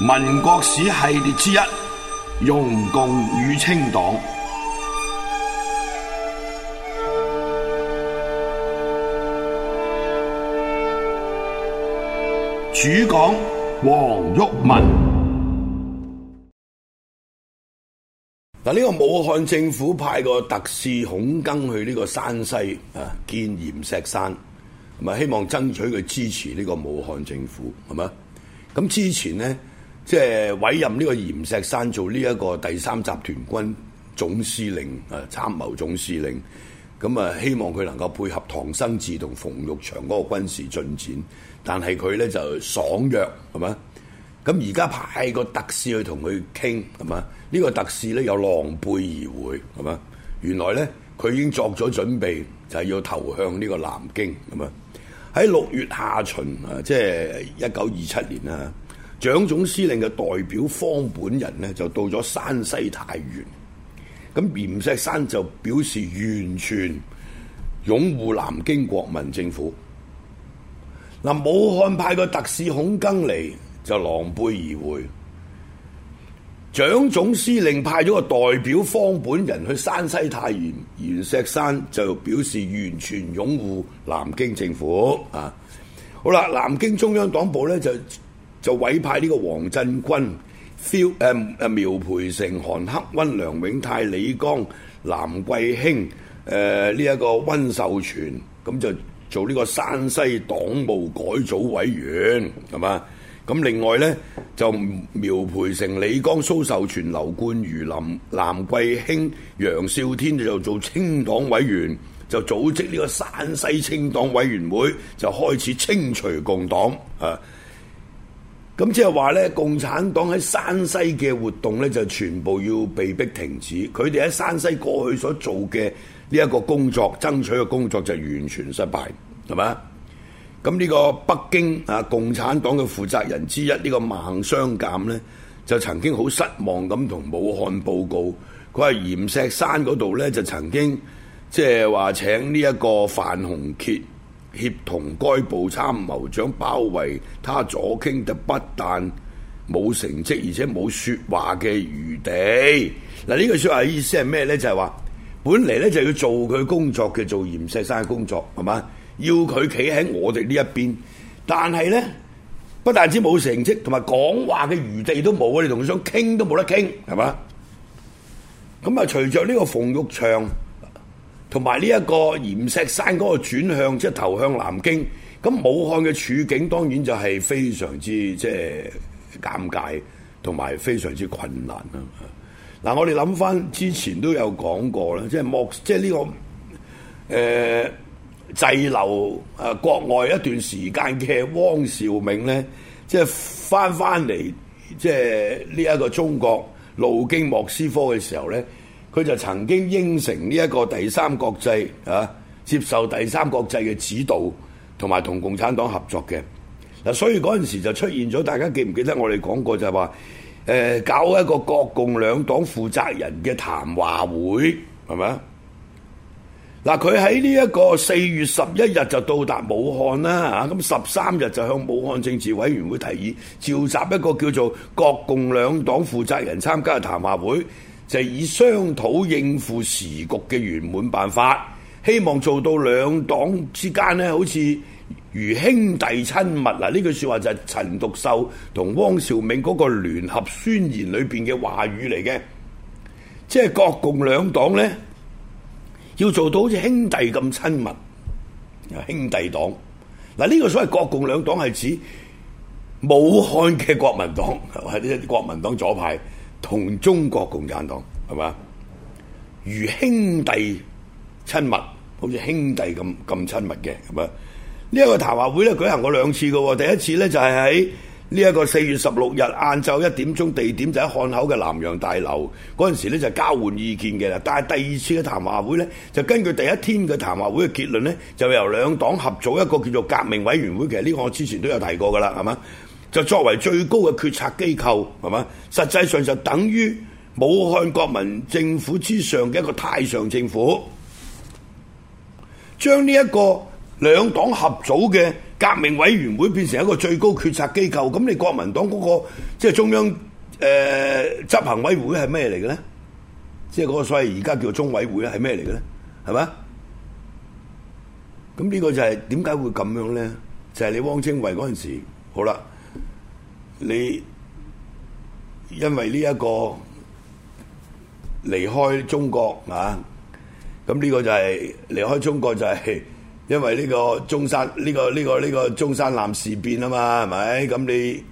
民國史系列之一，容共與清黨，主講黃毓民。嗱，呢個武漢政府派個特使孔庚去呢個山西啊，見閻錫山，同埋希望爭取佢支持呢個武漢政府，係咪啊？咁之前呢。即係委任呢個閻錫山做呢一個第三集團軍總司令啊，參謀總司令。咁啊，希望佢能夠配合唐生智同馮玉祥嗰個軍事進展。但係佢咧就爽約，係嘛？咁而家派個特使去同佢傾，係嘛？呢、這個特使咧又狼狽而回，係嘛？原來咧佢已經作咗準備，就係、是、要投向呢個南京。咁啊，喺六月下旬啊，即係一九二七年啊。蔣總司令嘅代表方本人呢，就到咗山西太原，咁閻錫山就表示完全擁護南京國民政府。嗱，武漢派個特使孔庚嚟，就狼狽而回。蔣總司令派咗個代表方本人去山西太原，閻錫山就表示完全擁護南京政府。啊，好啦，南京中央黨部呢，就。就委派呢個王振軍、蕭誒誒苗培成、韓克溫、梁永泰、李剛、藍桂興誒呢一個溫秀全，咁、嗯、就做呢個山西黨務改組委員，係嘛？咁、嗯、另外咧就苗培成、李剛、蘇秀全、劉冠如、林藍桂興、楊少天就做清黨委員，就組織呢個山西清黨委員會，就開始清除共黨啊！咁即係話咧，共產黨喺山西嘅活動咧，就全部要被逼停止。佢哋喺山西過去所做嘅呢一個工作，爭取嘅工作就完全失敗，係嘛？咁呢個北京啊，共產黨嘅負責人之一呢、這個孟商鑑咧，就曾經好失望咁同武漢報告，佢係閻錫山嗰度咧，就曾經即係話請呢一個范洪杰。協同該部參謀長包圍他左傾，就不但冇成績，而且冇說話嘅餘地。嗱、啊，呢句說話意思係咩咧？就係、是、話本嚟咧就要做佢工作嘅，做嚴世生嘅工作，係嘛？要佢企喺我哋呢一邊，但係咧不但止冇成績，同埋講話嘅餘地都冇，你同佢想傾都冇得傾，係嘛？咁、嗯、啊，隨着呢個馮玉祥。同埋呢一個閻錫山嗰個轉向，即係投向南京，咁武漢嘅處境當然就係非常之即係尷尬，同埋非常之困難啦。嗱、啊，我哋諗翻之前都有講過啦，即係莫，即係呢、這個誒、呃、滯留啊國外一段時間嘅汪兆銘咧，即係翻翻嚟，即係呢一個中國路經莫斯科嘅時候咧。佢就曾經應承呢一個第三國際啊，接受第三國際嘅指導，同埋同共產黨合作嘅。嗱、啊，所以嗰陣時就出現咗，大家記唔記得我哋講過就係話，誒、呃、搞一個國共兩黨負責人嘅談話會，係咪啊？嗱，佢喺呢一個四月十一日就到達武漢啦，嚇咁十三日就向武漢政治委員會提議召集一個叫做國共兩黨負責人參加嘅談話會。就係以商討應付時局嘅圓滿辦法，希望做到兩黨之間呢，好似如兄弟親密。嗱，呢句説話就係陳獨秀同汪兆銘嗰個聯合宣言裏邊嘅話語嚟嘅，即係國共兩黨呢，要做到好似兄弟咁親密，兄弟黨。嗱，呢個所謂國共兩黨係指武漢嘅國民黨，係呢啲國民黨左派。同中國共產黨係嘛，如兄弟親密，好似兄弟咁咁親密嘅咁啊！呢一個談話會咧舉行過兩次嘅喎，第一次咧就係喺呢一個四月十六日晏晝一點鐘，地點就喺漢口嘅南洋大樓嗰陣時咧就交換意見嘅啦。但係第二次嘅談話會咧，就根據第一天嘅談話會嘅結論咧，就由兩黨合組一個叫做革命委員會嘅。其實呢個我之前都有提過嘅啦，係嘛？就作為最高嘅決策機構，係嘛？實際上就等於武漢國民政府之上嘅一個太上政府，將呢一個兩黨合組嘅革命委員會變成一個最高決策機構。咁你國民黨嗰、那個即係、就是、中央誒、呃、執行委會係咩嚟嘅咧？即係嗰個所謂而家叫中委會咧係咩嚟嘅咧？係嘛？咁呢個就係點解會咁樣咧？就係、是、你汪精衛嗰陣時，好啦。你因為呢一個離開中國啊，咁呢個就係離開中國就係因為呢個中山呢、呢個呢、呢個呢、呢個中山艦事變啊嘛，係咪？咁你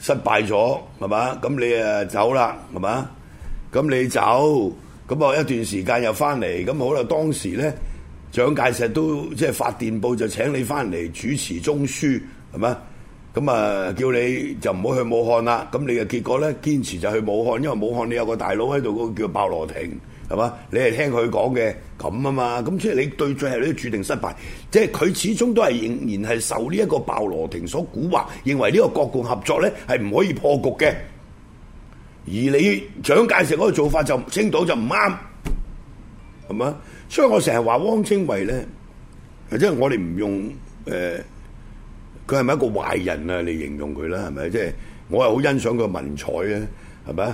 失敗咗係嘛？咁你誒走啦係嘛？咁你走咁啊一段時間又翻嚟，咁好啦。當時咧，蔣介石都即係發電報就請你翻嚟主持中書係嘛？咁啊，叫你就唔好去武漢啦。咁你嘅結果咧，堅持就去武漢，因為武漢你有個大佬喺度，嗰個叫鮑羅廷，係嘛？你係聽佢講嘅咁啊嘛。咁即係你對住係你注定失敗，即係佢始終都係仍然係受呢一個鮑羅廷所蠱惑，認為呢個國共合作咧係唔可以破局嘅。而你蔣介石嗰個做法就清黨就唔啱，係嘛？所以我成日話汪精衛咧，即係我哋唔用誒。呃佢係咪一個壞人啊？嚟形容佢啦，係咪？即係我係好欣賞佢文采啊，係咪？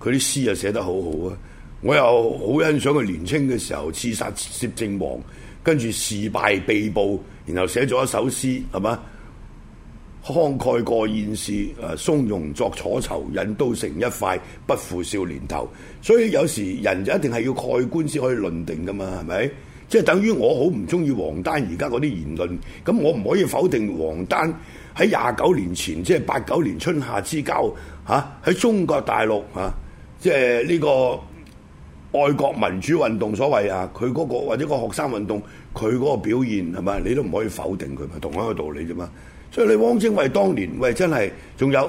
佢啲詩又寫得好好啊！我又好欣賞佢年青嘅時候刺殺攝政王，跟住事敗被捕，然後寫咗一首詩，係咪？慷慨過現時，誒、啊，從容作楚囚，引刀成一快，不負少年頭。所以有時人就一定係要蓋棺先可以論定噶嘛，係咪？即係等於我好唔中意王丹而家嗰啲言論，咁我唔可以否定王丹喺廿九年前，即係八九年春夏之交嚇喺、啊、中國大陸嚇、啊，即係呢個愛國民主運動所謂啊，佢嗰、那個或者個學生運動，佢嗰個表現係咪？你都唔可以否定佢嘛，同一個道理啫嘛。所以你汪精衛當年喂真係仲有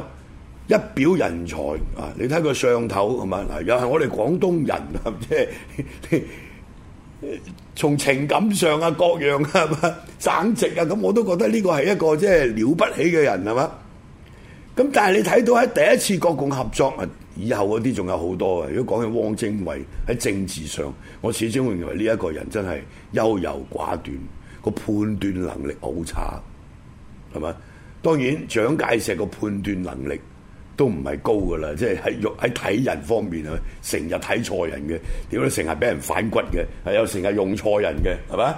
一表人才啊！你睇佢上頭係咪嗱？又係我哋廣東人啊，即係。 從情感上啊，各樣啊嘛，擲席啊，咁我都覺得呢個係一個即係了不起嘅人係嘛。咁但係你睇到喺第一次國共合作啊，以後嗰啲仲有好多啊。如果講起汪精衛喺政治上，我始終會認為呢一個人真係優柔寡斷，個判斷能力好差，係嘛？當然蔣介石個判斷能力，都唔係高嘅啦，即係喺用喺睇人方面啊，成日睇錯人嘅，點解成日俾人反骨嘅，係有成日用錯人嘅，係嘛？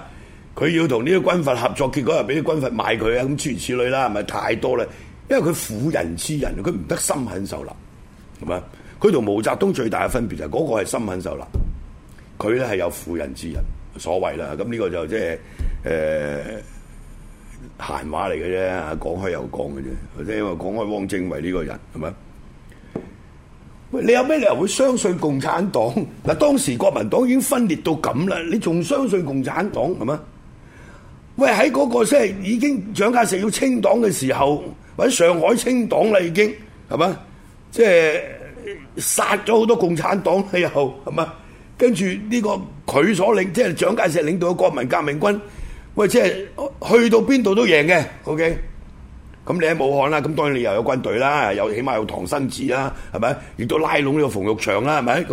佢要同呢啲軍閥合作，結果又俾啲軍閥賣佢啊，咁諸如此類啦，係咪太多啦。因為佢婦人之仁，佢唔得心狠手辣，係嘛？佢同毛澤東最大嘅分別就係、是、嗰、那個係心狠手辣，佢咧係有婦人之仁，所謂啦。咁呢個就即係誒。呃閒話嚟嘅啫，講開又講嘅啫，即係因為講開汪精衛呢個人係咪？喂，你有咩理由會相信共產黨？嗱， 當時國民黨已經分裂到咁啦，你仲相信共產黨，係嘛？喂，喺嗰個即係已經蔣介石要清黨嘅時候，喺上海清黨啦，已經係嘛？即係殺咗好多共產黨以後，係嘛？跟住呢個佢所領，即係蔣介石領導嘅國民革命軍。喂，即係去到邊度都贏嘅，OK？咁你喺武漢啦，咁當然你又有軍隊啦，有起碼有唐生智啦，係咪？亦都拉攏呢個馮玉祥啦，係咪？咁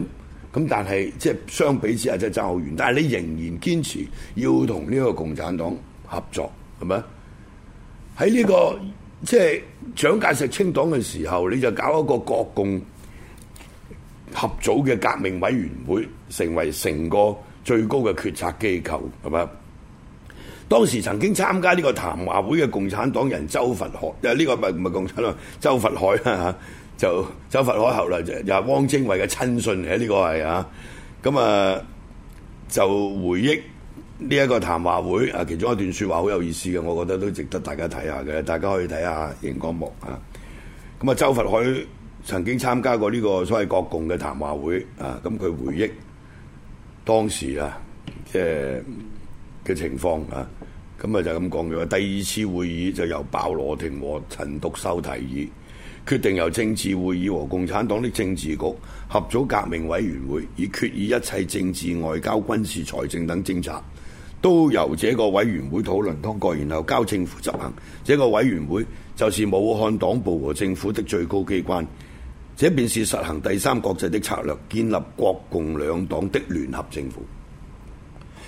咁，但係即係相比之下即係爭好遠。但係你仍然堅持要同呢個共產黨合作，係咪？喺呢個即係蔣介石清黨嘅時候，你就搞一個國共合組嘅革命委員會，成為成個最高嘅決策機構，係咪？當時曾經參加呢個談話會嘅共產黨人周佛海，啊、這、呢個唔係唔係共產黨，周佛海啊，就周佛海後來、就是，就阿、是、汪精衛嘅親信嚟，呢、這個係啊，咁啊就回憶呢一個談話會啊其中一段説話好有意思嘅，我覺得都值得大家睇下嘅，大家可以睇下熒光幕啊。咁啊，周佛海曾經參加過呢個所謂國共嘅談話會啊，咁、啊、佢回憶當時啊，即、呃、係。嘅情況啊，咁、嗯、啊就咁講嘅話。第二次會議就由鮑羅廷和陳獨秀提議，決定由政治會議和共產黨的政治局合組革命委員會，以決議一切政治、外交、軍事、財政等政策，都由這個委員會討論通過，然後交政府執行。這個委員會就是武漢黨部和政府的最高機關。這便是實行第三國際的策略，建立國共兩黨的聯合政府。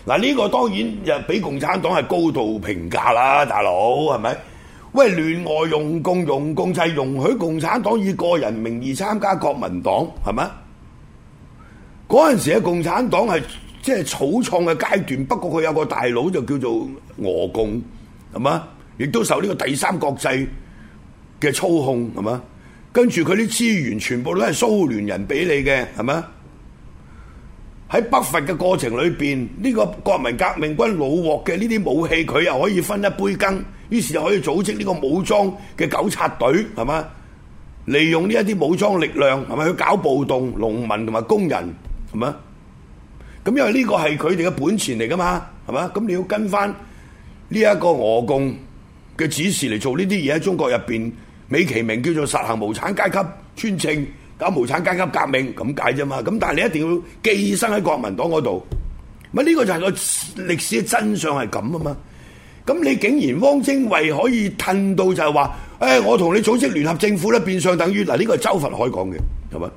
嗱呢個當然又俾共產黨係高度評價啦，大佬係咪？喂，聯外用共用共濟，容許共產黨以個人名義參加國民黨係咪？嗰陣時嘅共產黨係即係草創嘅階段，不過佢有個大佬就叫做俄共係嘛，亦都受呢個第三國際嘅操控係嘛？跟住佢啲資源全部都係蘇聯人俾你嘅係嘛？是喺北伐嘅過程裏邊，呢、這個國民革命軍擄獲嘅呢啲武器，佢又可以分一杯羹，於是就可以組織呢個武裝嘅糾察隊，係嘛？利用呢一啲武裝力量係咪去搞暴動、農民同埋工人，係嘛？咁因為呢個係佢哋嘅本錢嚟噶嘛，係嘛？咁你要跟翻呢一個俄共嘅指示嚟做呢啲嘢喺中國入邊，美其名叫做實行無產階級專政。搞無產階級革命咁解啫嘛，咁但係你一定要寄生喺國民黨嗰度，咪呢個就係個歷史嘅真相係咁啊嘛。咁你竟然汪精衛可以褪到就係話，誒、哎、我同你組織聯合政府咧，變相等於嗱呢個係周佛海講嘅，係咪？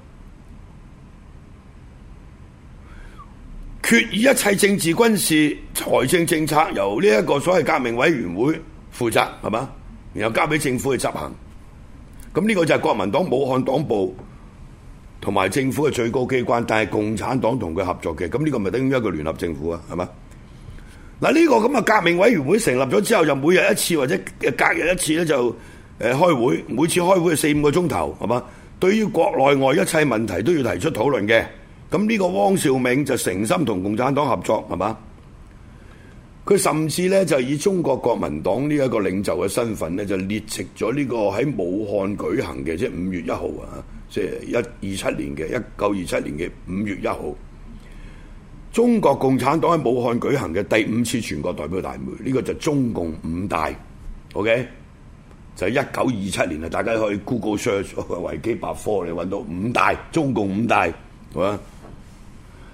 決議一切政治、軍事、財政政策由呢一個所謂革命委員會負責，係嘛？然後交俾政府去執行。咁呢個就係國民黨武漢黨部。同埋政府嘅最高機關，但係共產黨同佢合作嘅，咁呢個咪等於一個聯合政府啊？係嘛？嗱，呢個咁啊革命委員會成立咗之後，就每日一次或者隔日一次咧，就、呃、誒開會，每次開會四五個鐘頭，係嘛？對於國內外一切問題都要提出討論嘅。咁呢個汪兆銘就誠心同共產黨合作，係嘛？佢甚至咧就以中國國民黨呢一個領袖嘅身份咧，就列席咗呢個喺武漢舉行嘅，即係五月一號啊！即係一二七年嘅一九二七年嘅五月一號，中國共產黨喺武漢舉行嘅第五次全國代表大會，呢、這個就中共五大，OK，就係一九二七年啦。大家可以 Google search 維基百科嚟揾到五大中共五大，係嘛？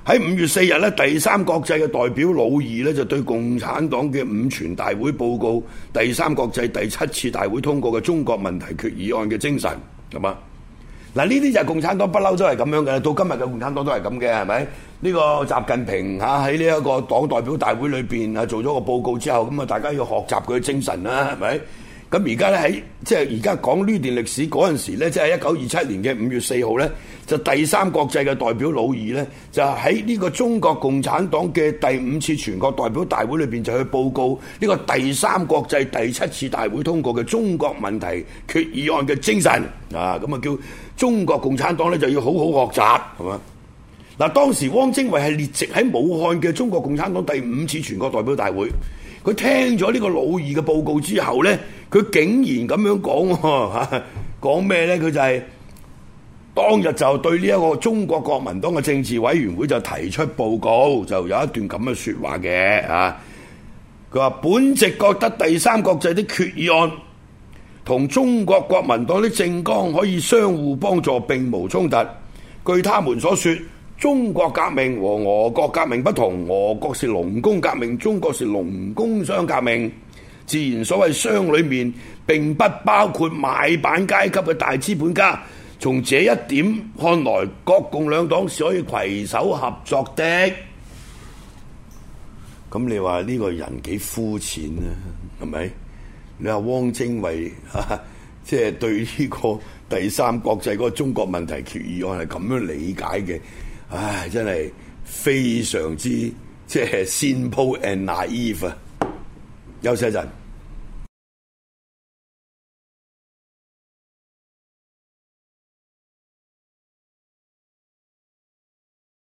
喺五月四日咧，第三國際嘅代表羅易咧就對共產黨嘅五全大會報告第三國際第七次大會通過嘅中國問題決議案嘅精神，係嘛？嗱呢啲就係共產黨不嬲都係咁樣嘅，到今日嘅共產黨都係咁嘅，係咪？呢個習近平嚇喺呢一個黨代表大會裏邊啊做咗個報告之後，咁啊大家要學習佢精神啦，係咪？咁而家咧喺即係而家講呢段歷史嗰陣時咧，即係一九二七年嘅五月四號咧。就第三國際嘅代表老二呢，就喺呢個中國共產黨嘅第五次全國代表大會裏邊，就去報告呢個第三國際第七次大會通過嘅中國問題決議案嘅精神啊！咁啊叫中國共產黨呢，就要好好學習，係嘛？嗱、啊，當時汪精衛係列席喺武漢嘅中國共產黨第五次全國代表大會，佢聽咗呢個老二嘅報告之後呢，佢竟然咁樣講、哦，講、啊、咩呢？佢就係、是。當日就對呢一個中國國民黨嘅政治委員會就提出報告，就有一段咁嘅說話嘅啊。佢話，本席覺得第三國際的決議案同中國國民黨的政綱可以相互幫助，並無衝突。據他們所說，中國革命和俄國革命不同，俄國是農工革命，中國是農工商革命，自然所謂商裏面並不包括買辦階級嘅大資本家。從這一點看來，國共兩黨是可以攜手合作的。咁你話呢個人幾膚淺啊？係咪？你話汪精衛啊，即係對呢個第三國際嗰個中國問題決議案係咁樣理解嘅？唉，真係非常之即係 simple and naive 啊！休息一陣。